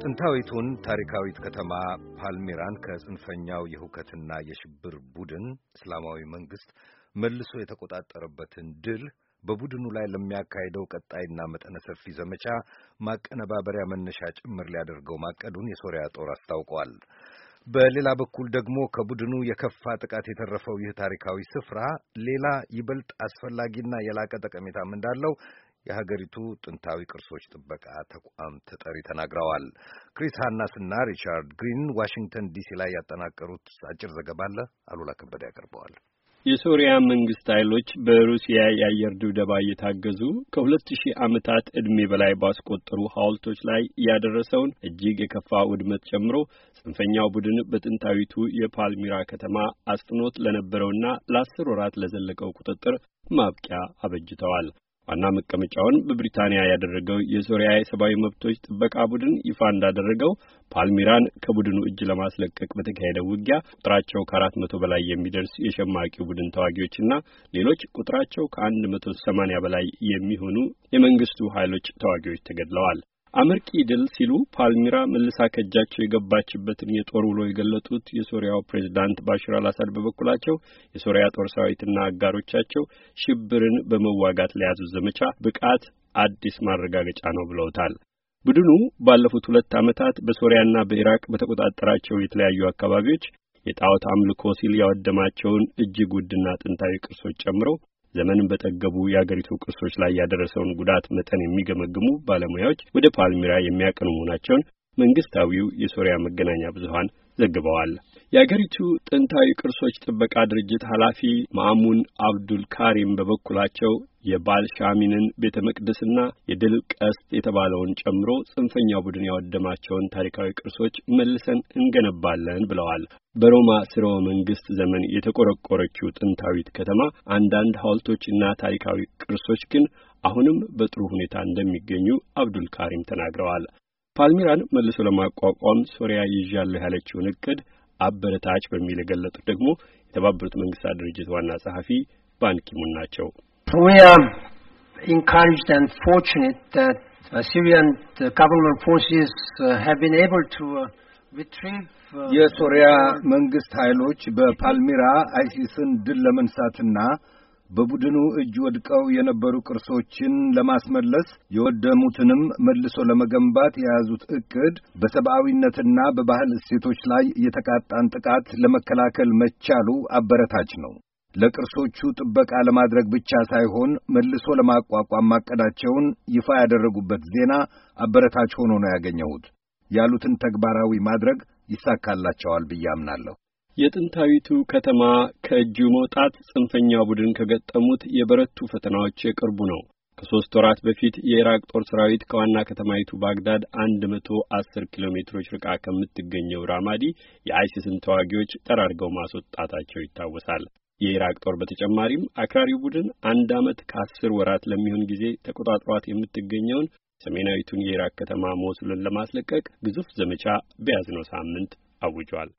ጥንታዊቱን ታሪካዊት ከተማ ፓልሜራን ከጽንፈኛው የሁከትና የሽብር ቡድን እስላማዊ መንግስት መልሶ የተቆጣጠረበትን ድል በቡድኑ ላይ ለሚያካሄደው ቀጣይና መጠነ ሰፊ ዘመቻ ማቀነባበሪያ መነሻ ጭምር ሊያደርገው ማቀዱን የሶሪያ ጦር አስታውቋል። በሌላ በኩል ደግሞ ከቡድኑ የከፋ ጥቃት የተረፈው ይህ ታሪካዊ ስፍራ ሌላ ይበልጥ አስፈላጊና የላቀ ጠቀሜታም እንዳለው የሀገሪቱ ጥንታዊ ቅርሶች ጥበቃ ተቋም ተጠሪ ተናግረዋል። ክሪስ ሃናስና ሪቻርድ ግሪን ዋሽንግተን ዲሲ ላይ ያጠናቀሩት አጭር ዘገባ አለ። አሉላ ከበደ ያቀርበዋል። የሶሪያ መንግስት ኃይሎች በሩሲያ የአየር ድብደባ እየታገዙ ከሁለት ሺህ ዓመታት ዕድሜ በላይ ባስቆጠሩ ሐውልቶች ላይ ያደረሰውን እጅግ የከፋ ውድመት ጨምሮ ጽንፈኛው ቡድን በጥንታዊቱ የፓልሚራ ከተማ አስፍኖት ለነበረውና ለአስር ወራት ለዘለቀው ቁጥጥር ማብቂያ አበጅተዋል። ዋና መቀመጫውን በብሪታንያ ያደረገው የሶሪያ የሰብአዊ መብቶች ጥበቃ ቡድን ይፋ እንዳደረገው ፓልሚራን ከቡድኑ እጅ ለማስለቀቅ በተካሄደው ውጊያ ቁጥራቸው ከአራት መቶ በላይ የሚደርስ የሸማቂው ቡድን ተዋጊዎችና ሌሎች ቁጥራቸው ከአንድ መቶ ሰማኒያ በላይ የሚሆኑ የመንግስቱ ኃይሎች ተዋጊዎች ተገድለዋል። አመርቂ ድል ሲሉ ፓልሚራ መልሳ ከእጃቸው የገባችበትን የጦር ውሎ የገለጡት የሶሪያው ፕሬዝዳንት ባሽር አልአሳድ በበኩላቸው የሶሪያ ጦር ሰራዊትና አጋሮቻቸው ሽብርን በመዋጋት ለያዙት ዘመቻ ብቃት አዲስ ማረጋገጫ ነው ብለውታል። ቡድኑ ባለፉት ሁለት ዓመታት በሶሪያና በኢራቅ በተቆጣጠራቸው የተለያዩ አካባቢዎች የጣዖት አምልኮ ሲል ያወደማቸውን እጅግ ውድና ጥንታዊ ቅርሶች ጨምሮ ዘመን በጠገቡ የአገሪቱ ቅርሶች ላይ ያደረሰውን ጉዳት መጠን የሚገመግሙ ባለሙያዎች ወደ ፓልሚራ የሚያቀኑ መሆናቸውን መንግስታዊው የሶሪያ መገናኛ ብዙሃን ዘግበዋል። የአገሪቱ ጥንታዊ ቅርሶች ጥበቃ ድርጅት ኃላፊ ማሙን አብዱል ካሪም በበኩላቸው የባልሻሚንን ቤተ መቅደስና የድል ቀስት የተባለውን ጨምሮ ጽንፈኛ ቡድን ያወደማቸውን ታሪካዊ ቅርሶች መልሰን እንገነባለን ብለዋል። በሮማ ስርወ መንግስት ዘመን የተቆረቆረችው ጥንታዊት ከተማ አንዳንድ ሐውልቶች እና ታሪካዊ ቅርሶች ግን አሁንም በጥሩ ሁኔታ እንደሚገኙ አብዱል ካሪም ተናግረዋል። ፓልሚራን መልሶ ለማቋቋም ሶሪያ ይዣለሁ ያለችውን እቅድ አበረታች በሚል የገለጡት ደግሞ የተባበሩት መንግስታት ድርጅት ዋና ጸሐፊ ባንኪሙን ናቸው። የሶሪያ መንግስት ኃይሎች በፓልሚራ አይሲስን ድል ለመንሳትና በቡድኑ እጅ ወድቀው የነበሩ ቅርሶችን ለማስመለስ የወደሙትንም መልሶ ለመገንባት የያዙት እቅድ በሰብአዊነትና በባህል እሴቶች ላይ የተቃጣን ጥቃት ለመከላከል መቻሉ አበረታች ነው። ለቅርሶቹ ጥበቃ ለማድረግ ብቻ ሳይሆን መልሶ ለማቋቋም ማቀዳቸውን ይፋ ያደረጉበት ዜና አበረታች ሆኖ ነው ያገኘሁት። ያሉትን ተግባራዊ ማድረግ ይሳካላቸዋል ብዬ አምናለሁ። የጥንታዊቱ ከተማ ከእጁ መውጣት ጽንፈኛው ቡድን ከገጠሙት የበረቱ ፈተናዎች የቅርቡ ነው። ከሦስት ወራት በፊት የኢራቅ ጦር ሰራዊት ከዋና ከተማይቱ ባግዳድ አንድ መቶ አስር ኪሎ ሜትሮች ርቃ ከምትገኘው ራማዲ የአይሲስን ተዋጊዎች ጠራርገው ማስወጣታቸው ይታወሳል። የኢራቅ ጦር በተጨማሪም አክራሪው ቡድን አንድ ዓመት ከአስር ወራት ለሚሆን ጊዜ ተቆጣጥሯት የምትገኘውን ሰሜናዊቱን የኢራቅ ከተማ ሞሱልን ለማስለቀቅ ግዙፍ ዘመቻ በያዝነው ሳምንት አውጇል።